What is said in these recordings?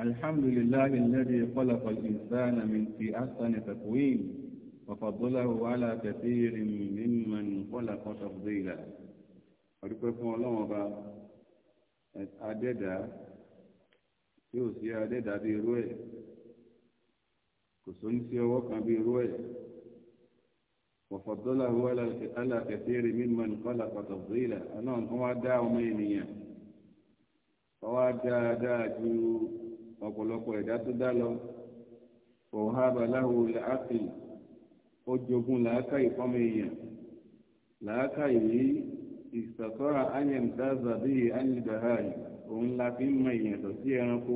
الحمد لله الذي خلق الإنسان من في أحسن تقويم وفضله على كثير ممن خلق تفضيلا ọdúpẹ́ fún ọlọ́run ọba adẹ́dá yóò sí adẹ́dá bí irú ẹ̀ kò sóní sí ọwọ́ kan bí irú ẹ̀ wọ̀fọ̀dọ́là wọ́n alákẹ̀tẹ́ rẹ̀ mímọ́ nìkan làkọ̀tọ̀ fìlà ọlọ́run kan wá dá ọmọ ènìyàn wọ́n wá dáadáa ju ọ̀pọ̀lọpọ̀ ẹ̀dá tó dá lọ ọ̀hábà láwo làákì ó jogún làákà ìfọ́mọ èèyàn làákà yìí ìsàtọ́ra ayẹm dáza bíi alìbàháì òun la fi ń mọ èèyàn tó sí ẹranko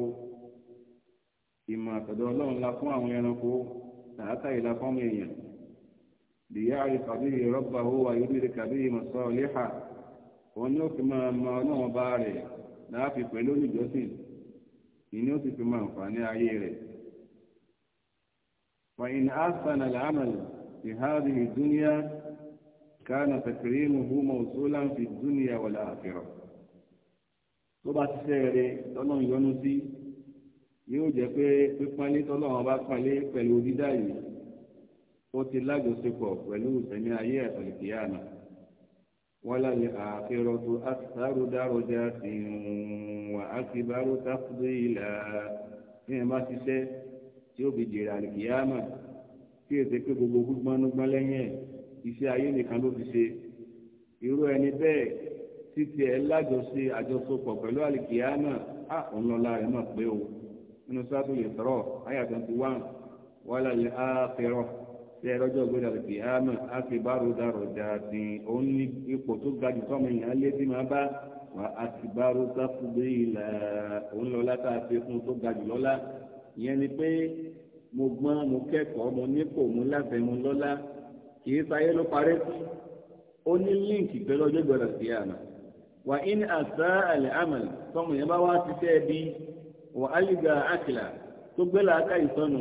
ìmọ̀ àtọ̀dọ̀ ọlọ́run la fún àwọn ẹranko làákà yìí la fọ́mọ èèyàn lìyá àrífàbí rọ́bà owó ayélujára kàbí ìmọ̀sọ́ ọ̀lẹ́hà òun ni ó fi máa mọ ọlọ́run bá rẹ̀ láàfin pẹ̀lú olùjọ́sìn ìní ó sì fi máa nfààní ayé rẹ̀. وإن أحسن العمل في هذه الدنيا كان تكريمه موصولا في الدنيا والآخرة tó bá ti sẹ́ẹ̀rẹ̀ tọ́lọ́n yọ́nú sí yóò jẹ́ pé pípánlé tọ́lọ́n bá pánlé pẹ̀lú dídá yìí ó ti lájọṣepọ̀ pẹ̀lú ìsẹ̀mí ayé ẹ̀sọ̀lẹ̀kìyà náà وللآخرة أكثر درجات وأكبر تفضيلا ní ẹ̀ma ṣiṣẹ́ tí ó fi jèrè àlìkìyàmà tí èsè pé gbogbo gbúgbọ́núgbọ́n lẹ́yìn ẹ̀ iṣẹ́ ayé nìkan ló fi ṣe irú ẹni bẹ́ẹ̀ títí ẹ̀ lájọṣe àjọṣepọ̀ pẹ̀lú àlìkìyàmà á ọ̀nlọ́lá rẹ̀ mọ̀ pé o nínú sátúlẹ̀ sọ̀rọ̀ ayàtọ̀ tí wọ́n wà lálẹ́ ààfẹ́rọ̀ ṣe ẹlọ́jọ́ ìgbéra rẹ̀ kìhámà á fi bárò dárò dáadé òun ní ipò tó ga jù tọ́mọ èèyàn lé tí máa bá wà á ti bárò sáfùgbé ìlà òun lọ́lá tá a fi fún tó ga jù lọ́lá ìyẹn ni pé mo gbọ́n mo kẹ́kọ̀ọ́ mo nípò mo láfẹ́ mo lọ́lá kì í sáyé ló parẹ́ sí ó ní líǹkì pẹ̀lú ọjọ́ ìgbéra rẹ̀ wà ní àṣà àlẹ́ àmàlà tọ́mọ èèyàn bá wá ṣiṣẹ́ bí wà á yí ga àkìlà tó gbé làákà ìsọnù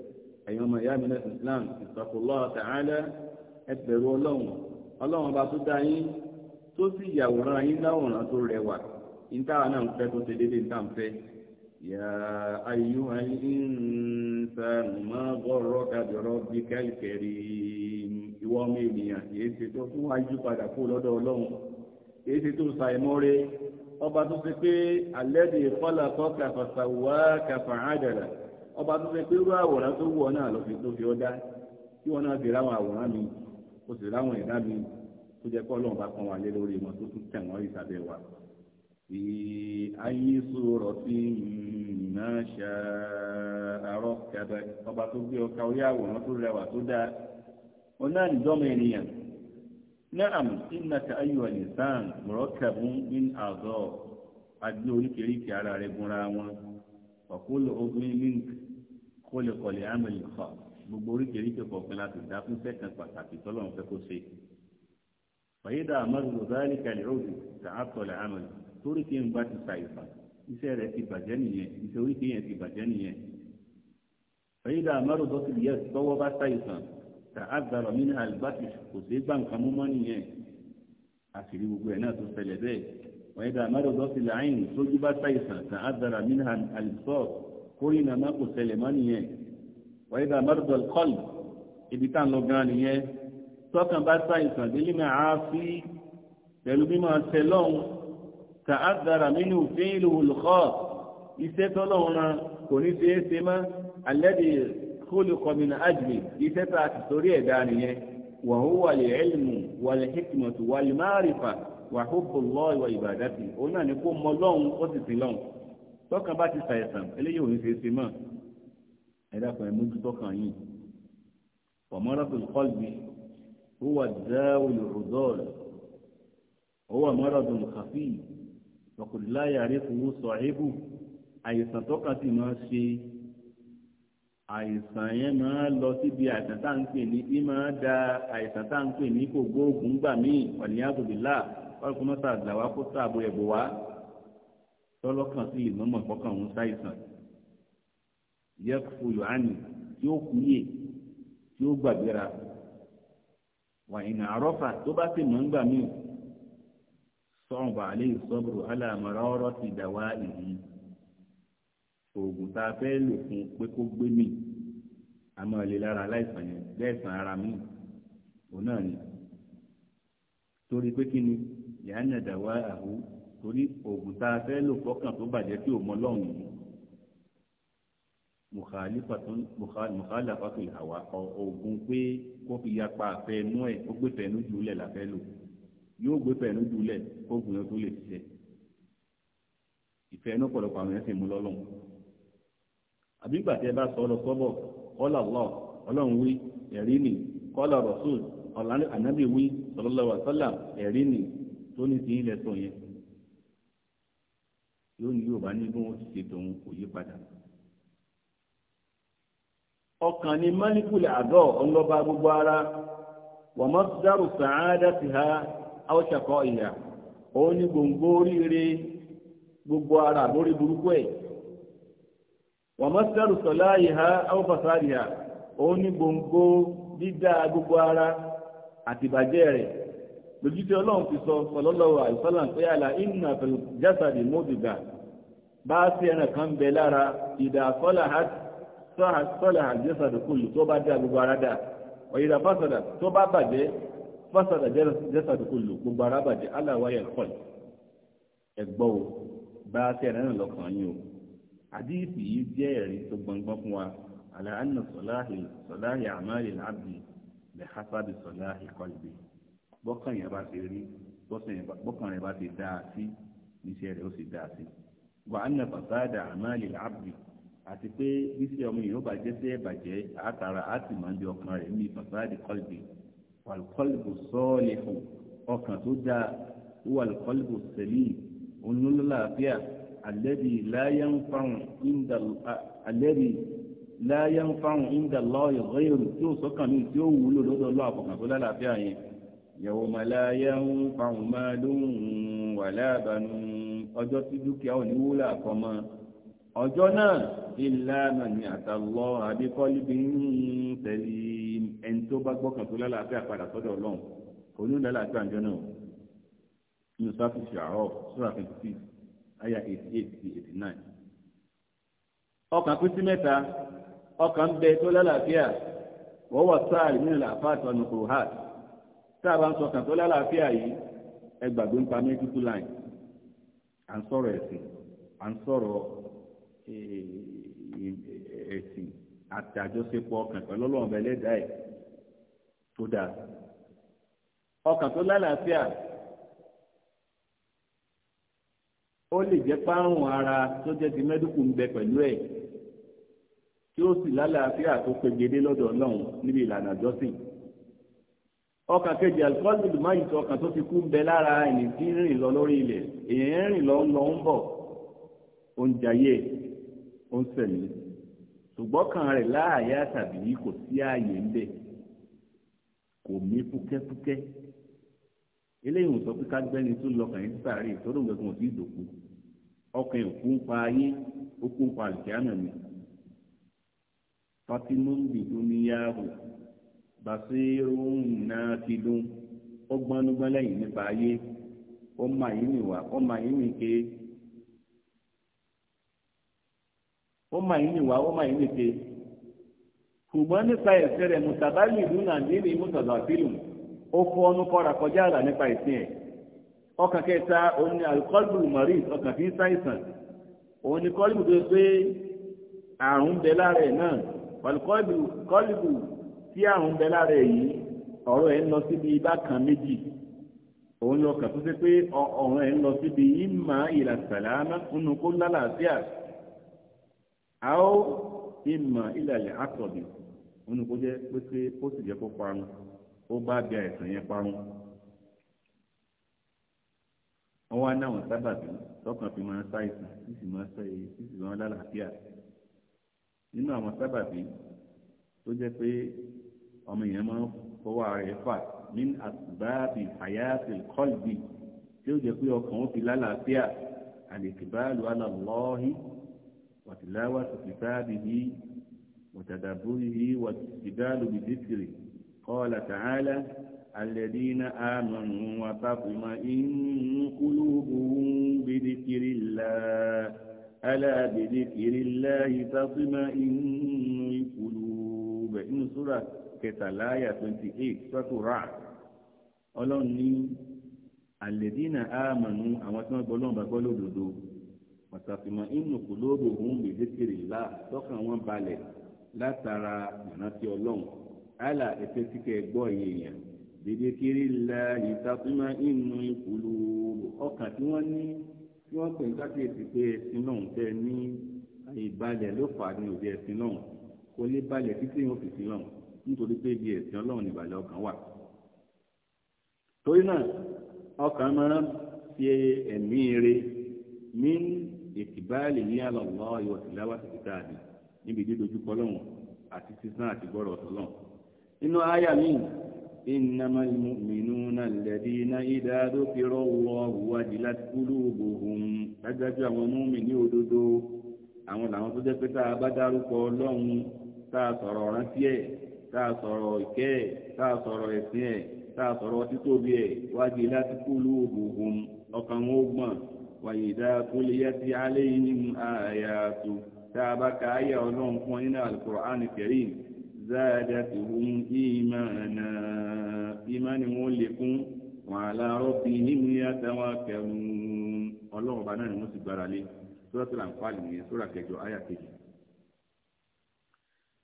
ẹ̀yin ọmọ ìyá mi náà islam ìtàkùlọ́ tààlà ẹgbẹ̀rún ọlọ́run ọlọ́run ọba tó dá yín tó sì yàwòrán yín láwòrán tó rẹwà ìntàwà náà ń fẹ́ tó ṣe déédéé ìntà ń fẹ́. yà ayú al-insanu ma gharraka bi rabbikal karim ìwọ ọmọ ènìyàn kìí ṣe tó fún wájú padà kó lọ́dọ̀ ọlọ́run kìí ṣe tó sa ìmọ́re ọba tó ṣe pé alladhi ọba tó fẹ́ pé irú àwòrán tó wù ọ náà ló fi ọ dá kí wọn náà fi ráwọn àwòrán mi kó sì ráwọn ẹ̀dá mi tó jẹ́ kọ́ lọ́nà bá kan wà lé lórí wọn tó tún tẹ̀ wọ́n ìsàbẹ̀ wa. fi ayé sọ̀rọ̀ náà ṣá àárọ̀ kẹta ọba tó gbé ọka orí àwòrán tó rẹwà tó dáa ọ náà nìjọ́mọ ènìyàn naam innaka ayyuha al-insan murakkabun min a'dha' àgbé oríkèéríkèé ara rẹ̀ gunra wọn ọ̀kúlù ogun mink kó lè kọ̀lé amẹ́lì kọ́ gbogbo oríkèéríkèé kọ̀ọ̀kan láti dá fún sẹ́kàn pàtàkì tọ́lọ́run fẹ́ kó ṣe. fàyídà amadu báyìí kàlẹ́ òdì kà á tọ̀lẹ̀ amẹ́lì torí kí n bá ti ṣàìsàn iṣẹ́ rẹ̀ ti bàjẹ́ nìyẹn iṣẹ́ oríkèé yẹn ti bàjẹ́ nìyẹn. fàyídà amadu dọ́kì yẹ tọ́wọ́ bá ṣàìsàn kà á gbàrọ̀ mí ní alibati kò sí gbà nǹkan mú mọ́ nìyẹn àṣírí gbogbo ẹ̀ náà tó ṣẹlẹ̀ bẹ́ẹ̀ wọ́n yẹ kórìíra náà kò ṣẹlẹ̀ mọ́ nìyẹn wọ́n ibà mọ́tòdọ̀lù kọ́lù ibi tá à ń lọ gan nìyẹn tọ́kàn bá sá ìsàn délé máa á sí pẹ̀lú mímọ́ ṣẹ lọ́hùn tà á dára nínú òfin ìlú olùkọ́ iṣẹ́ tọ́lọ́hùn ran kò ní ṣeé ṣe mọ́ alẹ́dì kóòlù kọ́mìnà àjùlé iṣẹ́ tá a ti torí ẹ̀dá nìyẹn wàhùn wàlẹ̀ ẹ̀lmù wàlẹ̀ hikmọ̀tù wàlẹ̀ máàrífà wàhùn kò ìwà ìbàdàtì òun náà ni kó mọ lọ́hùn ó sì sí lọ́hùn tọ́kàn bá ti ṣàìsàn eléyìí ò ní ṣeé ṣe mọ́ ẹ dákun ẹ mójú tọ́kàn yìí wàmọ́rọ́dún kọ́lbì ó wà dáwòlù rọ̀dọ́ọ̀lù ó wà mọ́rọ́dún kàfí ọkùnrinláyà rẹ̀ fowó sọ ẹ́bù àìsàn tọ́kàn sì máa ṣe àìsàn yẹn máa lọ síbi àìsàn tá à ń pè ní bí máa da àìsàn tá à ń pè ní kò gbóògùn gbà míì ọ̀nìyàn àbòbílà ọ̀rọ̀ kọ́mọ́sà àgbà wa kó sáàbò ẹ̀bùn wa tọ́lọ́kàn sí lè mọ́mọ́ kọ́kàn òun ṣàìsàn yẹ́kù yohane tí ó kú yè tí ó gbàgbéra wàyìnà àrọ́fà tó bá ti mọ̀ ń gbà míì sọ̀nba àlẹ́ ìsọ́bùrù aláàmọ̀ra ọ̀rọ̀ ti dà wá ìlú oògùn tá a fẹ́ lò fún pé kó gbé mi àmọ́ ilé lára aláìsàn yẹn bẹ́ẹ̀ sàn ara mi òun náà ni torí pé kí ni yàrá dà wá àhú torí oògùn tá a fẹ́ lò fọ́kàn tó bàjẹ́ tí ò mọ lọ́hùn yìí mùkálà fàtò ìhàwá oògùn pé kó fi yapa àfẹnú ẹ̀ ó gbé fẹ̀nú jùlẹ̀ làfẹ́ lò yóò gbé fẹ̀nú jùlẹ̀ kóògùn yẹn tó lè ṣiṣẹ́ ìfẹ́ inú pọ̀lọpọ̀ àwọn yẹn sì mú lọ́lọ́hùn àbí ìgbà tí ẹ bá sọ lọ sọ́bọ̀ kọ́lá Allah ọlọ́run wí ẹ̀rí ni kọ́lá Rasul ọ̀lànà wí sallallahu alaihi wasallam ni tó ní ti ilẹ̀ sọ yẹn lónìí yóò bá ní bí wọn ti ṣe tòun kò yí padà. ọkàn ni mọ́líkùlì àgọ́ ọlọ́ba gbogbo ara wọ́n mọ́ dárò sí ha ni gbòǹgbò oríire gbogbo ara lórí burúkú ẹ̀ wọ́n mọ́ dárò sọ̀lá ìhà áwọ́fàsárì ha ni gbòǹgbò dídá gbogbo ara àtìbàjẹ́ rẹ̀ lójútì ọlọ́run ti sọ sallallahu alaihi wasallam pé àlà inna fil jasadi mudga bá a sí ẹran kan bẹ lára ìdá salahat salaha jasadu kullu tó bá dá gbogbo ara dá ọ̀yẹ̀dà fásàdà tó bá bàjẹ́ fásàdà jasadu kullu gbogbo ara bàjẹ́ aláwáyẹ̀ kọ̀ ẹ̀gbọ́ o bá a sí ẹran náà lọ́kàn yín o àdíìsì yìí jẹ́ ẹ̀rí tó gbọ̀ngbọ́n fún wa àlà anna salahi salahi a'malil abdi bi bọ́kàn yẹn bá ti rí bọ́kàn yẹn bá ti dáa sí níṣẹ́ rẹ̀ ó sì dáa sí. wà á nà fasada àmàlì abdi àti pé bísí ọmọ yìí ó bàjẹ́ sí ẹ̀bàjẹ́ àtàrà àti màá di ọkàn rẹ̀ ní fasadi qalbi wàlùkọ́lùbù sọ́ọ̀lẹ̀hù ọkàn tó dáa wàlùkọ́lùbù sẹ̀lì onúlọ́láàfíà alẹ́bí láyán fáwọn ìndàlọ́ọ̀yọ̀ rẹ́yìn tí sọ́kàn mí tí ó wúlò lọ́dọ̀ ọlọ́ yawma la yanfa'u malun wala banun ọjọ́ tí dúkìá ò ní wúlò àkọ́mọ ọjọ́ náà illa man ata Allaha bi qalbin ẹni tó bá gbọ́kàn tó lálàáfíà padà sọ́dọ̀ ọlọ́run olùdálàáfíà àjọ náà nínú sáfù ṣàárọ̀ sura twenty six aya eighty eight sí eighty nine. ọkàn pín sí ọkàn bẹ tó lálàáfíà wọ́n wà sáà nínú làfáà tó ọ̀nà kòrò hàt tá a bá ń sọ kàn tó lálàáfíà yìí ẹ gbàgbé ń pa mẹ́tíkù láì à ń sọ̀rọ̀ ẹ̀sìn à ń sọ̀rọ̀ e, e, ẹ̀sìn àti àjọṣepọ̀ ọkàn pẹ̀lú ọlọ́run ọ̀bẹ lẹ́dàá ẹ̀ tó dáa ọkàn tó lálàáfíà ó lè jẹ́ párùn ara tó jẹ́ ti mẹ́díkù ń bẹ pẹ̀lú ẹ̀ tí ó sì lálàáfíà tó pegedé lọ́dọ̀ ọlọ́run níbi ìlànà ìjọsìn ọkàn kejì alikọ́lù ìdùmáyì tó ọkàn tó ti kú bẹ lára ẹni tí ń rìn lọ lórí ilẹ̀ èèyàn ń rìn lọ ń lọ ń bọ̀ ó ń jayé ó ń sẹ̀mí ṣùgbọ́n kan rẹ̀ láàyè àtàbí kò sí ààyè ńbẹ kò mí fúkẹ́fúkẹ́ eléyìí ń sọ pé ká tó lọ kàn yín sáré ìtọ́jú gbẹ̀gbẹ̀ wọn sí ìdòkú ọkàn ìkú ń pa ayé ó kú ń pa àlùkìyàmẹ̀ mi fatinú ń bì níyàwó basirun nakidun ó gbọ́núgbọ́n lẹ́yìn nípa ayé ó mà yín nìwà ó mà yín nìke ó mà yín nìwà ó mà yín nìke ṣùgbọ́n nípa ẹ̀sẹ̀ rẹ̀ mùsàbálì ìlú nàìjíríà ní mùsàlá fílùmù ó fọ́ ọ́nú kọ́ra kọjá àlà nípa ìsìn ẹ̀ ọkàn kẹta òun ni alikọ́lù mọ̀rí ọkàn fi ń ṣàìsàn òun ni kọ́lù tó gbé àrùn bẹ lára náà alikọ́lù kọ́lù tí àrùn bẹ lára ẹ̀ yìí ọ̀rọ̀ ẹ̀ ń lọ síbi bákan méjì òun lọ kà tó ṣe pé ọ̀rọ̀ ẹ̀ ń lọ síbi ìmọ̀ ìlà sàlámà nínú kó lálàáfíà àó ìmọ̀ ìlà ilẹ̀ àtọ̀bì nínú kó jẹ́ pé ó sì jẹ́ kó parun ó bá bí àìsàn yẹn parun wọ́n wá náwọn sábàbí tọkàn fi máa ń sáìsàn sísì máa ń sọ sísì máa ń lálàáfíà nínú àwọn sábàbí tó jẹ́ pé ọmọ èèyàn máa ń fọwọ́ rẹ̀ fà ní àtìbáàbì àyàfi kọ́lbì tí ó jẹ́ pé ọkàn ó fi lálàáfíà àlèkìbáàlù alàlọ́ọ̀hí wàtìláwà tòkìtàbì yìí wàtàdàbúrì yìí wàtìbáàlù bìdìsìrì kọ́ọ̀lá tààlà الذين آمنوا وتطمئن قلوبهم بذكر الله ألا بذكر الله تطمئن súrà kẹtàlá àyà twenty eight sọ́tò rà ọlọ́run ní àlẹ́dínà àmọ̀nù àwọn tí wọ́n gbọ́ lọ́nà bá gbọ́ lódodo pàtàkìmọ̀ inú kòlóòbò òun gbèdékèrè là tọ́kàn wọn balẹ̀ látara ìrántí ọlọ́run àlà ẹ̀fẹ́ tí kẹ́ gbọ́ èèyàn gbèdékèrè là ìtàkùnmọ̀ inú kòlóòbò ọkàn tí wọ́n ní tí wọ́n pè ń kákìyèsí pé ẹ̀sìn náà ń tẹ́ ní ìbalẹ̀ ló fà ní òde ẹ̀sìn náà kò lè balẹ̀ títí yóò fi sí lọ́hùn nítorí pé ibi ẹ̀sìn ọlọ́run ìbàlẹ̀ ọkàn wà. torí náà ọkàn máa ń fi ẹ̀mí eré ní ìtìbáàlì ní àlọ́lọ́ ìwọ̀ tìláwà sí kíkà àdì níbi dídójúkọ ọlọ́run àti sísan àti gbọ́rọ̀ ọ̀tọ̀lọ́run. inú àyà míì إنما المؤمنون الذين إذا ذكر الله وجلت قلوبهم dájúdájú àwọn múmi ní òdodo àwọn làwọn tó jẹ́ pé tá a bá dárúkọ Ọlọ́run tá a sọ̀rọ̀ rántí ẹ̀ tá a sọ̀rọ̀ ìkẹ́ ẹ̀ tá a sọ̀rọ̀ ẹ̀sìn ẹ̀ tá a sọ̀rọ̀ títóbi ẹ̀ wájú láti kúlú ògùn ọkàn wọn ó gbọ̀n wàyí dáa tó lè yẹ sí alẹ́ yìí nínú ààyà tó bá ka ayé ọlọ́run fún nínú alukur'an kẹrin záadá ti hun ìmánà ìmánì wọn lè kún wọn àlárọ̀ bí nínú yàtà wọn kẹrùn ọlọ́run bá náà ni wọ́n ti gbára lé sọ́dọ̀ ń pàlì nìyẹn sọ́dọ̀ kẹjọ ayà kejì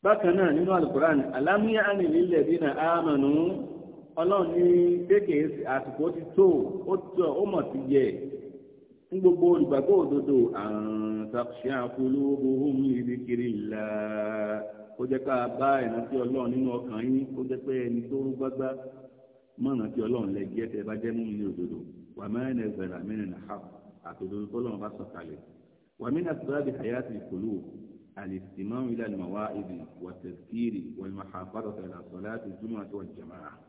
bákan náà nínú alukurani alámúyá àmì nílẹ̀ bí na ámànú ọlọ́run ní kéèké àsìkò ti tó ó tọ́ ó mọ̀ sí yẹ ní gbogbo olùgbàgbọ́ òdodo àrùn ṣàkóso àkúlù ohun ìdí kiri ńlá ó jẹ́ ká bá ìrántí ọlọ́run nínú ọkàn yín ó jẹ́ pé ẹni tó rú gbágbá mọ́ ìrántí ọlọ́run lẹ́gbẹ́ tẹ́ bá jẹ́ mú mi òdodo wà mẹ́rin ẹ̀fẹ̀ rà mẹ́rin àtòdodo tó lọ́run bá sọ̀kalẹ̀ wà mí الاستماع إلى المواعظ والتذكير والمحافظة على صلاة الجمعة والجماعة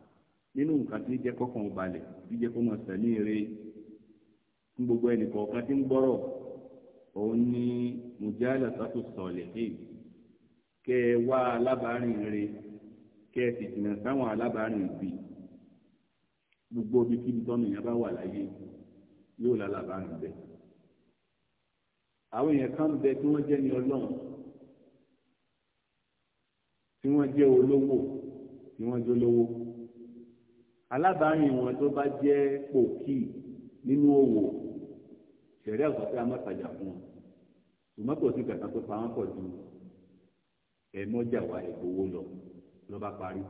nínú nǹkan tí jẹ́ kọ́kàn balẹ̀ tí jẹ́ kó máa sẹ̀mí rẹ̀ fún gbogbo ẹnìkọ̀ọ̀kan tí ń gbọ́rọ̀ òun ni mujálà sátò sọ̀lẹ̀ hìn kẹ́ ẹ wá alábàárìn rẹ̀ kẹ́ ẹ sì jìnnà sáwọn alábàárìn bì gbogbo ibi kíbi tọ́nu yẹn bá wà láyé yóò lálábàárìn bẹ́ẹ̀. àwọn èèyàn kan bẹ tí wọ́n jẹ́ ní ọlọ́run tí wọ́n jẹ́ olówó ni wọ́n jẹ́ olówó alábàárìn wọn tó bá jẹ́ pòkì nínú òwò ṣẹ̀rí àgbàfẹ́ amọ́tajà fún wọn ṣùgbọ́n kò sí kàkà tó pa wọn pọ̀ ju ẹ̀mọ́jà wa ẹ̀gbowó lọ lọ́ba parí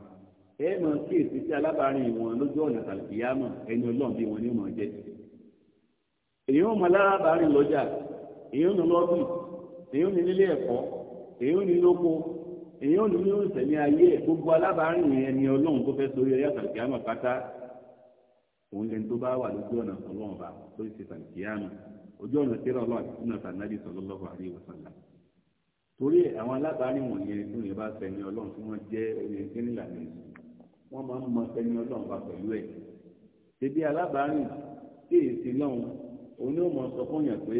ẹ mọ̀ kí èsì tí alábàárìn wọn lójú ọ̀nà tàbíyámọ̀ ẹni ọlọ́run bí wọn ní mọ̀ jẹ́ èyí ò mọ alábàárìn lọ́jà èyí ò lọ́bì èyí ò nílé ẹ̀kọ́ èyí ò ní lóko èyàn ní yóò sẹ̀mí ayé ẹ̀ gbogbo alábàárìn yẹn ni ọlọ́run tó fẹ́ sórí ẹ̀yà sàkíyàmà pátá òun lẹni tó bá wà lójú ọ̀nà ọlọ́run bá tó ṣe sàkíyàmà ojú ọ̀nà tẹ́lẹ̀ ọlọ́run àti sínú sànádì sallallahu alaihi wasallam torí àwọn alábàárìn wọ̀nyẹn tó yẹn bá sẹ̀mí ọlọ́run tí wọ́n jẹ́ ẹni tí nílànà wọ́n máa ń mọ sẹ́ni ọlọ́run bá pẹ̀lú ẹ̀ ni ó mọ sọ fún yàn pé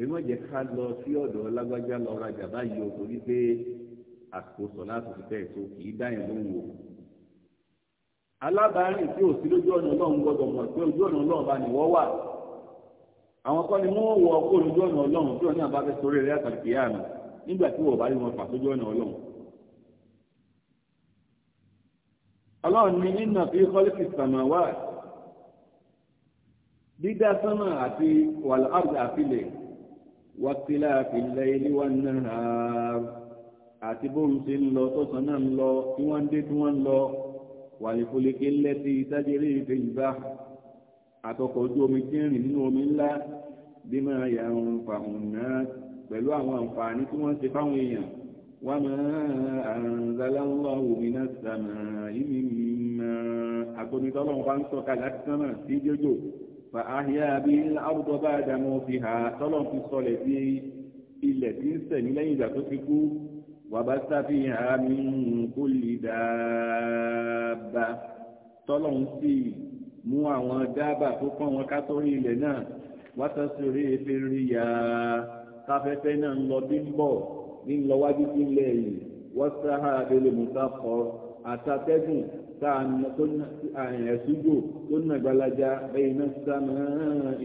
èmi ò jẹ́ ká lọ sí ọ̀dọ̀ lágbájá lọ rajà àsìkò sọ láti fi fẹ́ ètò kì í dáyìn lóhùn o. alábàárìn tí ò sí lójú ọ̀nà ọlọ́run gbọ́dọ̀ mọ̀ pé ojú ọ̀nà ọlọ́run bá nìwọ́ wà àwọn kan ni wọ́n wọ ọkọ̀ lójú ọ̀nà ọlọ́run tí wọ́n ní àbáfẹ́ sórí rẹ̀ àtàkì àná nígbà tí wọ́n bá rí wọn fà sójú ọ̀nà ọlọ́run. ọlọ́run ní nínà fi kọ́lífì sàmàwá dídá sánmà àti wàlúhàbù àfilẹ̀ wàtílà àfilẹ̀ ilé wa náà àti bóòrùn ṣe ń lọ tọ́sán náà ń lọ tí wọ́n ń dé tí wọ́n ń lọ wàlìfoleke lẹ́tí sájẹ́rẹ́ ìfẹ́ ìgbà àtọkọ̀ ojú omi tí ń rìn nínú omi ńlá bí máa yà ń fàhùn náà pẹ̀lú àwọn àǹfààní tí wọ́n ṣe fáwọn èèyàn wọ́n máa àrùnzálàwọ̀ omi náà sàmà yìí mímọ́ agbonitọ́lọ́ wa ń sọ̀ka láti sánmà sí jòjò fa ahíyá bí arúgbó bá dàmú fi hà tọ́lọ́ وبث فيها من كل دابة tọ́lọ́hún sì mú àwọn dábà tó pọ́n wọn ká sórí ilẹ̀ náà wá sọ́sọ́rí efere ya káfẹ́fẹ́ náà ń lọ bí ń bọ̀ ní ń lọ wájú sí ilẹ̀ yìí wọ́n sáà abẹ́lé musa kọ àtàtẹ́gùn ẹ̀sùjò tó nà gbalaja bẹ́yìn náà sámà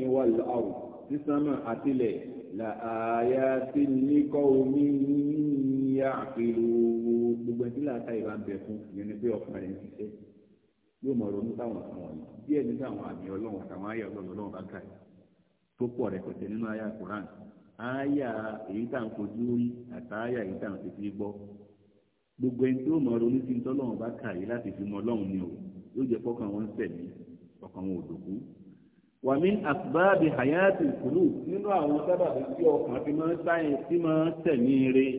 ìwà lọ́wọ́ sísámà àtìlẹ̀ làáyá sí ní kọ́ omi yìí yá àpérò gbogbo ẹtí làákà ìbá bẹ fún ìyẹn ni pé ọkàn rẹ ń ṣiṣẹ́ yóò mọ ronú táwọn kan wọ̀nyí díẹ̀ nínú àwọn àmì Ọlọ́run àtàwọn ayé Ọlọ́run Ọlọ́run bá kà yìí tó pọ̀ rẹpẹtẹ nínú ayé Quran ayé èyí tá à ń fojú rí àtàyà èyí tá à ń fetí gbọ́ gbogbo ẹni tó mọ ronú sí tọ́lọ́run bá kà yìí láti fi mọ Ọlọ́run ni o yóò jẹ́ fọkàn wọn sẹ̀mí ọkàn wọn ò dòkú. wà mí àsùbáàbí hayati kùlù nínú àwọn sábàbí tí ọkàn fi máa ń sáyẹn tí máa ń sẹ̀mí rẹ̀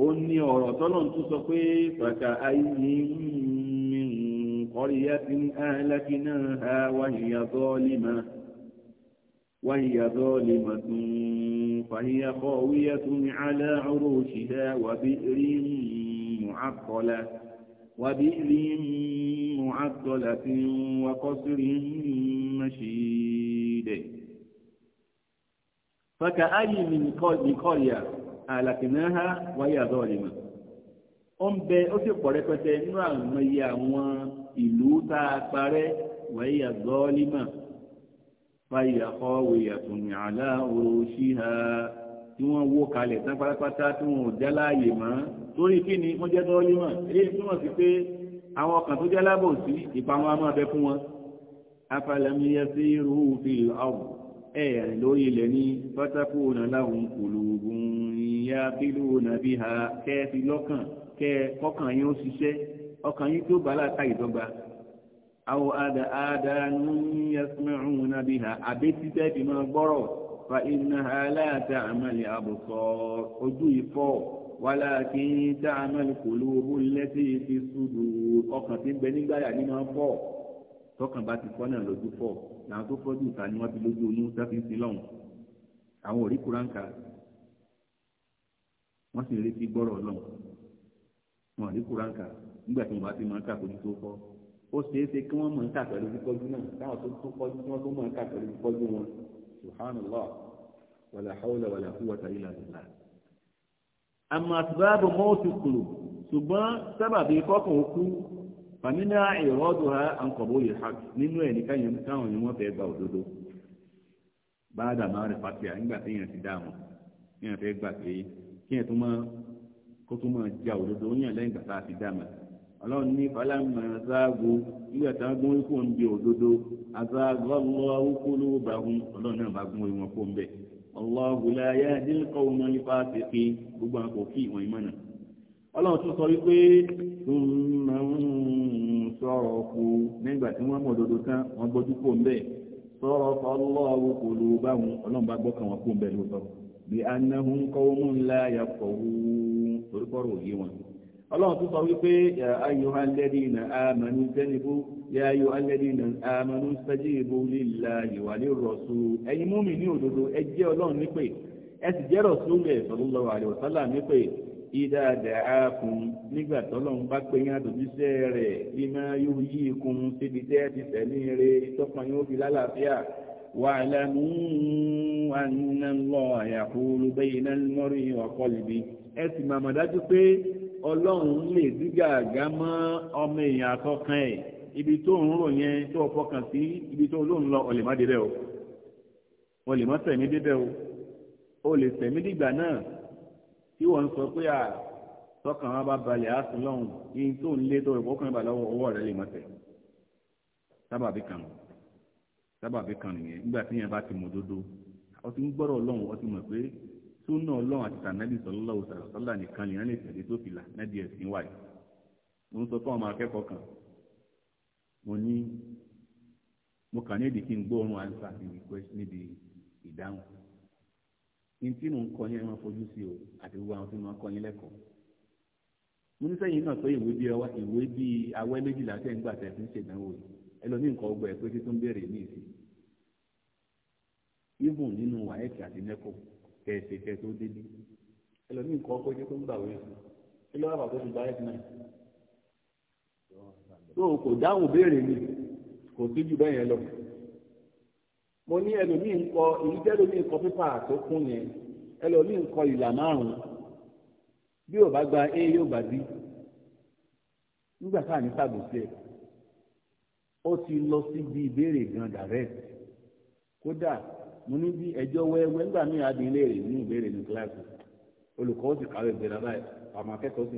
ó ní ọ̀rọ̀ tọ́lọ̀ tó sọ pé fàkà ayé kọ́ríyá ti ń áhẹ́lákí náà ha wáyìyà zọ́ọ̀lìmà tún fàyíyà kọ́ wíyà tún ní alẹ́ òṣìṣẹ́ wàbí rí mùákọ́lá wàbí rí tí sí rí fàkà ayé mi àlàkìnáhà wáyé àzọ́ọ̀lìmọ̀ ó ń bẹ ó sì pọ̀ rẹpẹtẹ nínú àwọn iye àwọn ìlú tá a parẹ́ wáyé àzọ́ọ̀lìmọ̀ fàyè àkọ́wé àtùnì àlá òru síha tí wọ́n wó kalẹ̀ tán pátápátá tí wọ́n ò já láàyè mọ́ torí kí ni wọ́n jẹ́ zọ́ọ̀lìmọ̀ èyí túmọ̀ sí pé àwọn ọkàn tó jẹ́ lábòsí ìpamọ́ a máa fún wọn afalẹ̀míyẹsí rúùfì ọ̀gbọ̀n ẹ̀rìn lórí ilẹ̀ ní pátákóònà láhùn kòlòògùn ìyá bílóònà bí ha kẹ́ fi lọ́kàn kẹ́ ọkàn yín ó ṣiṣẹ́ ọkàn yín tó bá láta ìdọ́gba àwọn àdá àdánù yasmẹ́rún nàbí ha àbẹ́tí máa gbọ́rọ̀ fa iná aláàtà àmàlẹ̀ àbùsọ̀ ojú ìfọ́ wàlá kí n tá àmàlẹ̀ kòlòògùn lẹ́sìn fi sùdù ọkàn tí ń bẹ nígbàyà ní tọkàn bá ti fọ́ náà lójú fọ́ làwọn tó fọ́jú ìta ni wọ́n fi lójú onú sáfi ń sin lọ́hùn àwọn òrí kúráǹkà wọ́n sì retí gbọ́rọ̀ lọ́hùn wọn òrí kúráǹkà nígbà tí wọ́n bá ti máa ń kà kojú tó fọ́ ó ṣeé ṣe kí wọ́n mọ̀ ń kà pẹ̀lú kíkọ́jú náà táwọn tó tó kọ́jú tí wọ́n tó mọ̀ ń kà pẹ̀lú kíkọ́jú wọn subhanallah wàlà hawla wàlà quwwata illa billah àmọ́ àtibáàbò mọ́ọ̀tù kùlù ṣùgbọ́n sábàbí kọ́kàn ó Famina ìrọ́dù ha à ń yìí ha nínú ẹ̀ ní káyọ̀ káwọn ni wọ́n fẹ́ gba òdodo bá a dàmà rẹ̀ fàtíà nígbà tí èèyàn ti dá wọn kí èèyàn fẹ́ gbà pé kí èèyàn tó máa kó tó máa ja òdodo yàn lẹ́yìn gbà tá a ti dá wọn ọlọ́run ní falámà záago nígbà tí wọ́n ikú bi bá ọlọ́run tún sọ wípé ọmọ ń sọ̀rọ̀ kú nígbà tí wọ́n mọ̀ òdodo tán wọ́n gbójú kó ń bẹ̀ sọ̀rọ̀ fọlọ́wọ́ kò ló bá wọn ọlọ́run bá gbọ́kàn wọn kó ń bẹ̀ lóòótọ́ bí anahun kọ́wọ́mú ńlá yàtọ̀ wúú orúkọ rò yé wọn. ọlọ́run tún sọ wípé ayò alẹ́dí na amánú sẹ́nibú yà ayò alẹ́dí na amánú sẹ́jìbú lílá ìdá dàákùn nígbà tọ́lọ́run bá pé yín àdòjíṣẹ́ rẹ̀ bí máa yóò yí ikun síbi tẹ́ ti fẹ̀mí re tọ́pọ̀ yóò fi lálàáfíà wa'lamu anna Allaha yahulu bayna al-mar'i wa qalbihi ẹ sì màmá dájú pé ọlọ́run lè dígà àgá mọ́ ọmọ èèyàn àtọkàn ẹ̀ ibi tó ń rò yẹn tó o fọkàn sí ibi tó ló lọ ọ̀lẹ̀ débẹ̀ o ọ̀lẹ̀ má débẹ̀ o o lè tẹ̀mí dìgbà náà tí wọ́n ń sọ pé à tọkàn wọn bá balẹ̀ á sí lọ́hùn yìí tó ń lé tó ìkọ́kùnrin balẹ̀ ọwọ́ rẹ̀ lè mọ̀tẹ̀ sábàbí kan sábàbí kan nìyẹn nígbà tí yẹn bá ti mọ̀ dodo ó ti ń gbọ́rọ̀ ọlọ́run ó ti mọ̀ pé súnà ọlọ́run àti tànàbí sọlọ́lá òsàlọ̀ sọ́là nìkan lèèyàn lè tẹ̀lé tó fìlà nẹ́ẹ̀dì ẹ̀sìn wáyé mo ń sọ fún ọmọ akẹ́kọ̀ọ́ kan mo ní mo kàn ní èdè kí n gbọ́ orun àǹsà níbi ìdáhùn ní tí mò ń kọ yín ẹ máa fojú sí o àti gbogbo àwọn tí mo máa kọ yín lẹ́kọ̀ọ́ mo ní sẹ́yìn náà pé ìwé bíi ọwá ìwé bíi awẹ́ méjìlá tẹ̀ ń gbà tẹ̀ fi ń ṣèdánwò yìí ẹlòmíì nǹkan ọgbà ẹ̀ pé tí tó ń béèrè ní ìsìn ibùn nínú wàhẹ́ẹ̀kì àti nẹ́kọ̀ kẹ̀ẹ̀sì kẹ̀ẹ̀ tó délé ẹlòmíì nǹkan ọgbà ẹ̀ tó ń gbàwé sí kí ló wà bàtọ́ ti bá ẹ̀ náà tó kò dáhùn béèrè mi kò sí bẹ́ẹ̀ yẹn lọ mo ní ẹlòmíì ń kọ èyí jẹ́ ẹlòmíì ń kọ tó kún yẹn ẹlòmíì ń bí ò bá gba a yóò gbà b nígbà tá ní ó ti lọ síbi ìbéèrè gan dàrẹ́ kódà mo ní bí ẹjọ́ nígbà míì ní ìbéèrè ní kíláàsì olùkọ́ ó sì kàwé báyìí àwọn akẹ́kọ̀ọ́ sì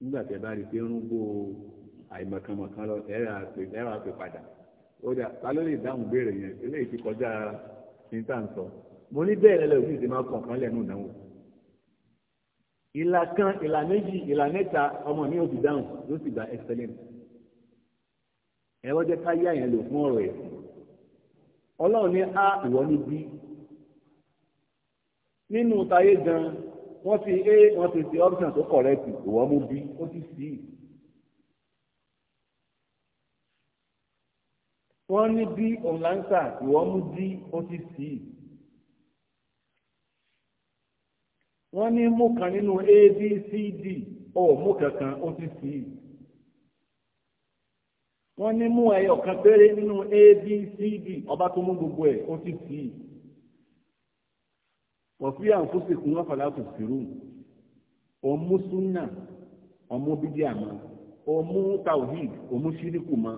máa àìmọ̀kànmọ̀kàn lọ ẹ̀rọ àpè padà ó dà ta ló lè dáhùn béèrè yẹn eléyìí ti kọjá ní tá à ń sọ mo ní bẹ́ẹ̀ lẹ́lẹ́ òfin ti máa kàn kán lẹ́nu ìdánwò ìlà kan ìlà méjì ìlà mẹ́ta ọmọ mi ò fi dáhùn ló sì gba excellent ẹ̀rọ jẹ́ ká yá yẹn lò fún ọ̀rọ̀ ẹ̀sìn ọlọ́run ní a ìwọ ní bí nínú tayé gan wọ́n fi a wọ́n fi ṣe option tó correct ìwọ mú bí ó sì sí wọ́n ní bí ọ̀làǹkà ìwọ́n mú dí ó ti sì í wọ́n ní mú kan nínú a b c d ó mú kankan ó ti sì í wọ́n ní mú ẹyọ kan péré nínú a b c d ọba tó mú gbogbo ẹ̀ ó ti sì í wọ́n fi àǹfóṣe kún wọn fàlà kò sí rúù ọmú súnà ọmú bídíà mọ́ ọmú tàwíìd ọmú ṣíríkù mọ́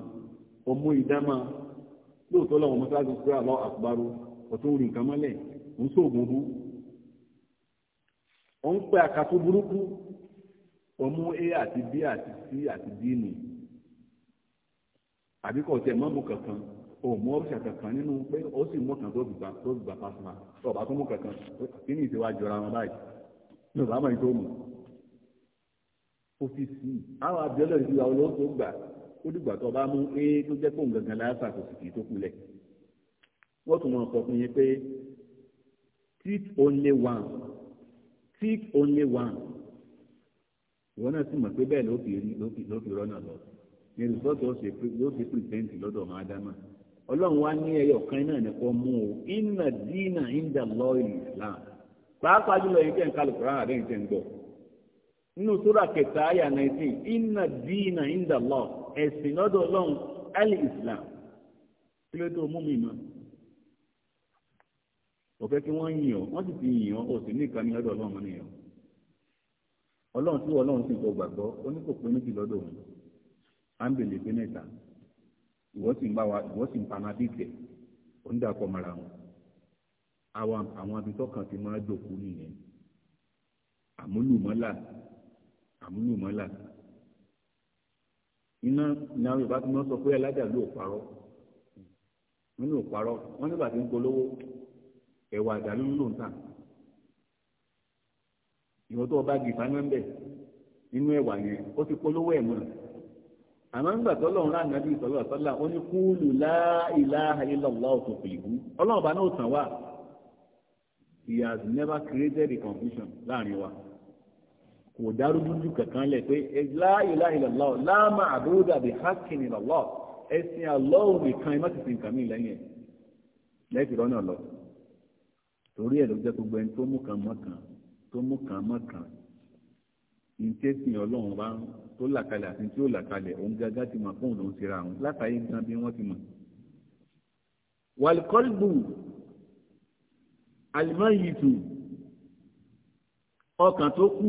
ọmú ìdámọ́ lóòótọ́ lọ́wọ́ mọ́sálásí pé àlọ́ àkùbárò ọ̀tún rìn kan mọ́lẹ̀ ń sóògùn bú ó ń pẹ́ àkàtú burúkú ọmú a àti b àti c àti d nì àbí kò tẹ̀ mọ́mú kankan ò mú ọ́fíṣà kankan nínú pé ó sì mú kan tó gbà tó gbà pàṣẹ tó ọ̀bá tó mú kankan kí ni ìṣèwà jọra wọn báyìí ní ọ̀bá mọ̀ ní tó mú ó fi sí àwọn abiola ìdíyàwó ló ń tó gbà ó dìgbà tó bá mú é tó jẹ́ pòun gangan láàṣà kò sì kì í tó kulẹ̀ wọ́n tún only one tip only one ìwọ náà sì mọ̀ pé bẹ́ẹ̀ ló fi ló fi rọ́nà lọ ní rìsọ́ọ̀tì yóò ṣe pìrìsẹ́ǹtì lọ́dọ̀ ọmọ ádámà ọlọ́run wá ní ẹyọ kan náà mú o iná dínà islam pàápàá jùlọ yìí tẹ̀ ń kálù kúrán àdéhùn tẹ̀ ń gbọ́ nínú sóra kẹta àyà 19 iná dínà lọ́ọ̀ ẹ̀sìn lọ́dọ̀ ọlọ́run ali islam kí ló tó mú mi mọ́ òfẹ́ kí wọ́n yìn ọ́ wọ́n sì ti yìn ọ́ òsì ní ìkànnì lọ́dọ̀ ọlọ́run nìyẹn ọlọ́run tí ọlọ́run sì tó gbàgbọ́ oníkòpé méjì lọ́dọ̀ òun à ń bèlè pé mẹ́ta ìwọ́ sì ń bá wa ìwọ́ sì ń paná bí tẹ̀ onídàkọ̀ mara wọn àwọn àwọn abitọ́ kan ti máa dòkú nìyẹn àmúlùmọ́là àmúlùmọ́là iná ní àwọn yorùbá tó máa sọ pé alájàlú ò parọ́ wọn ní ò parọ́ wọn nígbà tí ń polówó ẹ̀wà àdàlú ló ń tà ìwọ tó o bá gbìfà náà ń bẹ nínú ẹ̀wà yẹn ó ti polówó ẹ̀ mọ́ àmọ́ nígbà tó lọ́run rán nàbí ìsọ̀rọ̀ ọ̀sọ́là ó ní kúlù lá ilaha illallah tufihu ọlọ́run bá náà tàn wá he has never created a confusion láàrin wa kò dárú dúdú kankan lẹ̀ pé la ilaha illallah la ma'buda bi haqqin illallah ẹ̀sìn àlọ́ọ̀ nìkan ẹ̀ má ti fi nǹkan mí lẹ́yìn ẹ̀ lẹ́ẹ̀kì rọ́nà lọ torí ẹ̀ ló jẹ́ gbogbo ẹni tó mú kan mọ́kan tó mú kan mọ́kan ìtẹ́sìn ọlọ́run bá tó làkalẹ̀ àti tí ó làkalẹ̀ òun gágá ti mọ̀ fóun lòún síra wọn látàrí gan bí wọ́n ti mọ̀. wàlùkọ́lùbù àlùmọ́yìtù ọkàn tó kú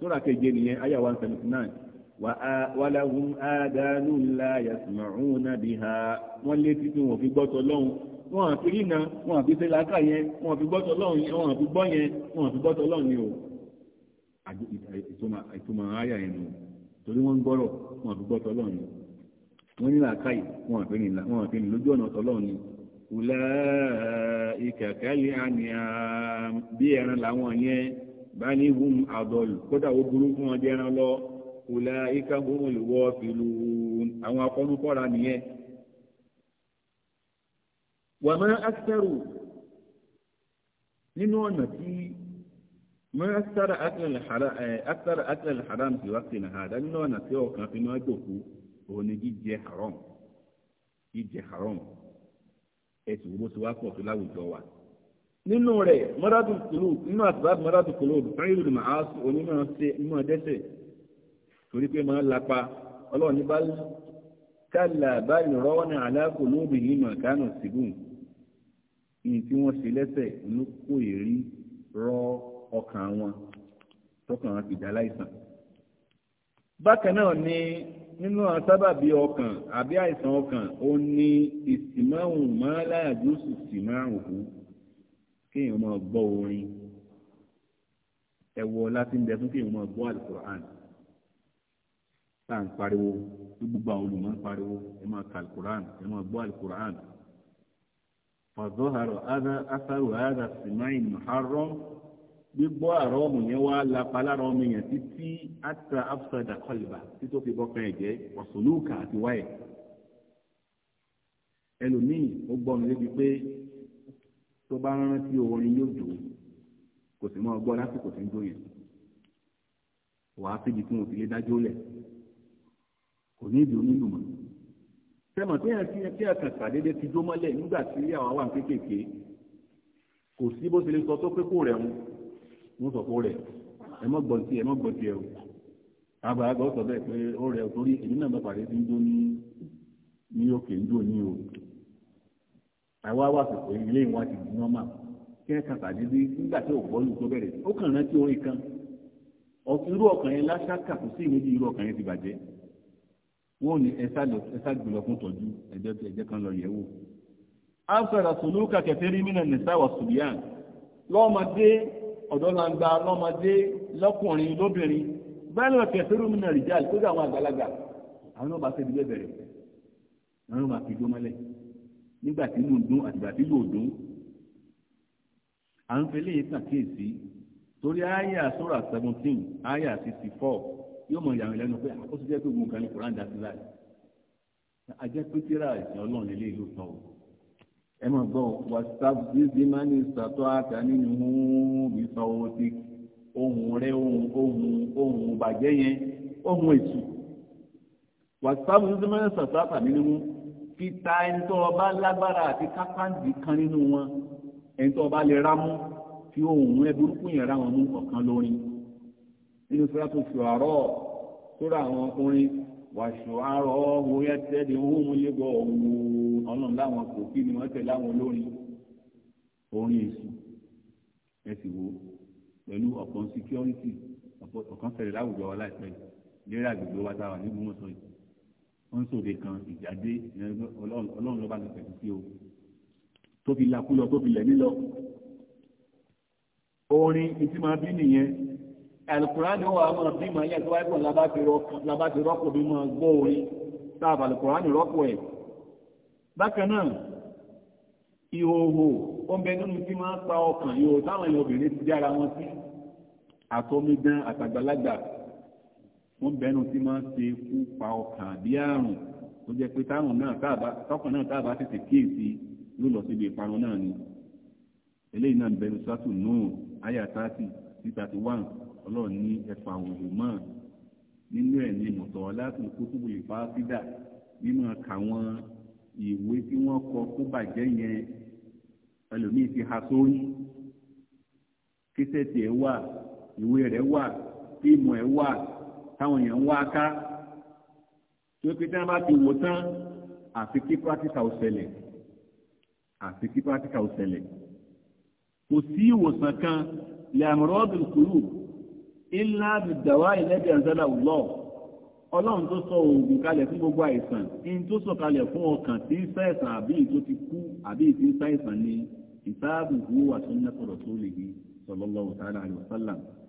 sura keje nìyẹn aya one seventy nine wàláhùn àdánù ńlá yasma'un biha wọ́n lé títí wọn fi gbọ́tọ̀ lọ́hùn wọn àfi rí na wọn àfi ṣe làákà yẹn wọn àfi gbọ́tọ̀ lọ́hùn yẹn wọn àfi gbọ́ yẹn wọn àfi gbọ́tọ̀ lọ́hùn ni o ìtumọ̀ aya yẹn nù torí wọ́n gbọ́rọ̀ wọn àfi gbọ́tọ̀ lọ́hùn ni wọ́n ní làákà yìí wọn àfi rìn wọn àfi rìn lójú ọ̀nà ọ̀tọ̀ lọ́hùn ni wùlá ìkàkálẹ̀ àníyàn bí ẹran làwọn yẹn bá ní hum àdọ̀lù kódà ó burú fún wọn jẹran lọ òlà ika hum olùwọ́ fìlú àwọn akọ́nukọ́ra nìyẹn. wà má akitẹ́rù nínú ọ̀nà tí má akitẹ́rù akitẹ́rù haram ti wá sí nàhàdá nínú ọ̀nà tí ọ̀kan fi máa dòkú òun ni jíjẹ haram jíjẹ haram ẹ̀sùn gbogbo ti wá pọ̀ tó láwùjọ wa nínú rẹ̀ mọ́rádù kùlù nínú àtìbáàbù mọ́rádù kùlù bẹ́ẹ̀rù ní màá sùn onímọ̀ ṣe mímọ̀ dẹ́sẹ̀ torí pé máa lapa ọlọ́run ní bá kálà báyìí rọ́wọ́ ní àlákò lóbi yìí mà kánà sígùn ìyìn tí wọ́n ṣe lẹ́sẹ̀ ló kó èrí rọ ọkàn wọn tọkàn wọn fìdá láìsàn. bákan náà ni nínú àsábàbí ọkàn àbí àìsàn ọkàn ó ní ìsìmáhùn máa láàjúṣù sì máa hùhù kéèyàn máa gbọ́ orin ẹ̀wọ̀ láti ń bẹ fún kéèyàn máa gbọ́ alukur'an tá à ń pariwo gbogbo àwọn olùmọ̀ ń pariwo ẹ máa ka alukur'an ẹ máa gbọ́ alukur'an fàzọ́hàrọ̀ asáró àdá sìmáì mùhárọ́ gbígbọ́ àrọ́ ọmọ yẹn wá lápá lára ọmọ yẹn títí àtà afsada kọlìbà títí ó fi bọ́kàn ẹ̀jẹ̀ ọ̀sùnlùkà àti wáyẹ̀ ẹlòmíì ó gbọ́ mi lébi pé tó bá rántí orin yóò jó kò sì mọ ọgbọ́n lásìkò tí ń jó yẹn wàá síbi tí wọn ti lè dájó lẹ̀ kò ní ìdí onílù mọ́ sẹ́mọ̀ tó yẹn kí kí ẹ̀kan sàdédé ti jó mọ́lẹ̀ nígbà tí àwa wà kéékèèké kò sí bó ṣe lè sọ tó pé kó rẹ̀ wọn wọn sọ kó rẹ̀ ẹ mọ́ gbọ́n ti ẹ mọ́ gbọ́n ti ẹ o àgbàlagbà ó sọ bẹ́ẹ̀ pé ó rẹ̀ torí èmi náà bá pàdé tí ń jó ní ní òkè ń jó ní o àwa wà pẹ̀lú ilé ìwọ̀n àti normal. kí ẹ kàn tàbí bí nígbà tí òwò lù tó bẹ̀rẹ̀ ó kàn rántí orin kan irú ọkàn yẹn láṣáká kò sí ìmẹ́jì irú ọkàn yẹn ti bàjẹ́ wọn ò ní ẹsà gbìlọ fún tọ́jú ẹ̀jẹ̀ kan lọ yẹ̀wò. afẹ́ra sòlúkà kẹfẹ́ rí mínà nìsá wà sùlíàn lọ́mọdé ọ̀dọ́langba lọ́mọdé lọ́kùnrin lóbìnrin báyìí lọ́wọ́ kẹfẹ́ nígbà tí inú dùn àtìgbà tí yóò dùn à ń fẹlẹ́ yìí ṣàkíyèsí torí àyà sọ́ra seventeen àyà sixty four yóò mọ ìyàwó lẹ́nu pé àkóso ah, jẹ́ pé gbọ̀ngàn ní koran dàtí láì ajẹ́ pé tíra ìsìn ọlọ́run lélẹ́ ìlú tán o ẹ mọ̀ gbọ́ wàsáàpù bíbí máa ń ṣàtọ́ àtà nínú bí sanwó ti ohun rẹ ohun ohun ohun bàjẹ́ yẹn ohun ètù wàsáàpù bíbí máa ń ṣàtọ́ àtà nínú títa ẹni tó ọba lágbára àti kápáǹdì kan nínú wọn ẹni tó ọba lè rá mú fi ohun ẹ burúkú yẹn rá wọn mú kọ̀ọ̀kan lórí nínú sọ́dọ̀tún ṣùárọ̀ sórí àwọn ọkùnrin wàṣù àárọ̀ wòye tẹ́lẹ̀ ohun lébọ̀ òwò ọlọ́run láwọn kò kí ni wọ́n tẹ̀ láwọn olórin orin èṣù ẹ sì wo pẹ̀lú ọ̀pọ̀ security ọ̀kan fẹ̀rẹ̀ láwùjọ wa láìpẹ́ yìí lérí àgbègbè wa táwa nígbìmọ̀ sọ yìí ń sòde kan ìjáde ọlọ́run lọ́ba ní pẹ̀lú sí o tó fi lakú lọ tó fi lẹ̀ nílọ. orin ìtí máa bí nìyẹn alukurani wà á máa bí màá yẹ tó wáyé pọ̀ labá ti rọ́pò bí máa gbọ́ orin sáàbà alukurani rọ́pò ẹ̀. bákan náà ìhòòhò ọmọbẹ nínú tí máa ń pa ọkàn ìhòòhò táwọn ẹ̀yìn obìnrin ti dára wọn sí àtọmídán àtàgbàlagbà wọ́n bẹnu tí máa ń ṣe kú pa ọkàn àbí àrùn tó jẹ́ pé táwọn náà tọkàn náà táàbà tètè kíyèsí yóò lọ síbi ìparun náà ni eléyìí náà bẹnu sátù náà àyà tààtì sí tààtì wàn ọlọ́run ní ẹ̀fà òwò mọ́ nínú ẹ̀ ní mọ̀tọ́ láti kútùbù ìfà sídà nínú ọkà wọn ìwé tí wọ́n kọ kó bàjẹ́ yẹn ẹlòmíì ti ha sórí kíṣẹ́ tiẹ̀ wà ìwé rẹ̀ wà fíìmù ẹ̀ wà táwọn èèyàn ń wá ká tí ó pé tí wọ́n bá ti wò tán àfi kí pátíkà ò ṣẹlẹ̀ àfi kí pátíkà ò ṣẹlẹ̀ kò sí ìwòsàn kan lẹ́mọ̀rọ́dùn kúrú ńlá bìdàwá ìlẹ́bí àzálà lọ ọlọ́run tó sọ oògùn kalẹ̀ fún gbogbo àìsàn in tó sọ kalẹ̀ fún ọkàn tí ń ṣàìsàn àbí tó ti kú àbí tí ń ṣàìsàn ni ìsáàbùkú wà tó nẹ́kọ̀rọ̀ tó lè rí sallallahu ta'ala alaihi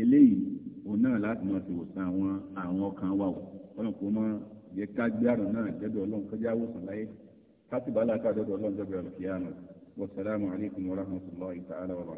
eléyìí òun náà láti máa na wòsàn àwọn àwọn ọkàn wa o ọlọ́run kò máa yẹ ká gbé àrùn náà jẹ́dọ̀ ọlọ́run kọjá wòsàn láyé kátìbálà ká jẹ́dọ̀ ọlọ́run jẹ́dọ̀ ọlọ́run kìí àná wasalaamu alaykum wa rahmatulahi ta'ala wa